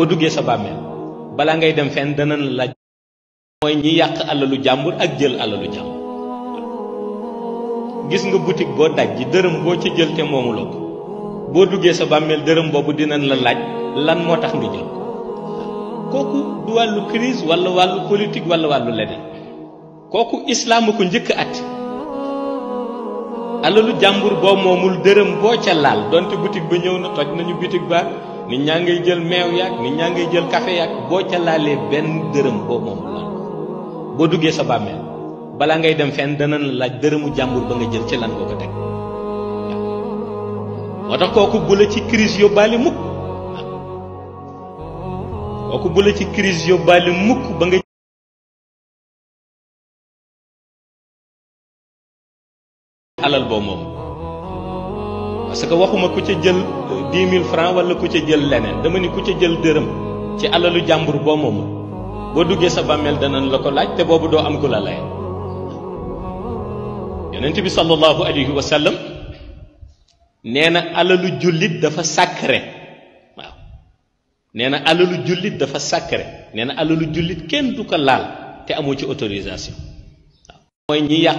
boo duggee sa bàmmeel balaa ngay dem fenn danañ la mooy ñi yàq alalu jàmbur ak jël alalu jàmbur gis nga boutique boo daj ji dërëm boo ci jël te moomuloo ko boo duggee sa bàmmeel dërëm boobu dinañ la laaj lan moo tax nga jël kooku du wàllu crise walla wàllu politique walla wàllu leneen kooku islaam ko njëkk at alalu jàmbur boo moomul dërëm boo ca laal donte boutique ba ñëw na toj nañu boutique ba nit ñaa ngay jël meew yàgg nit ñaa ngay jël café yàgg boo ca laalee benn dërëm boo moom la boo duggee sa bàmmeel balaa ngay dem fenn danañ la laaj dërëmu jàmbur ba nga jël ci lan nga ko teg moo tax kooku bu la ci crise yóbbaale mukk kooku bu la ci crise boo moom parce que waxuma ku ca jël dix mille francs walla ku ca jël leneen dama ne ku ca jël dërëm ci alalu jàmbur boo moomu boo duggee sa bàmmeel danañ la ko laaj te boobu doo am ku la lay yonent bi sallallahu alayhi wa sallam nee na alalu jullit dafa sacré waaw nee na alalu jullit dafa sacré nee na alalu jullit kenn du ko laal te amoo ci autorisation waaw mooy ñi yàq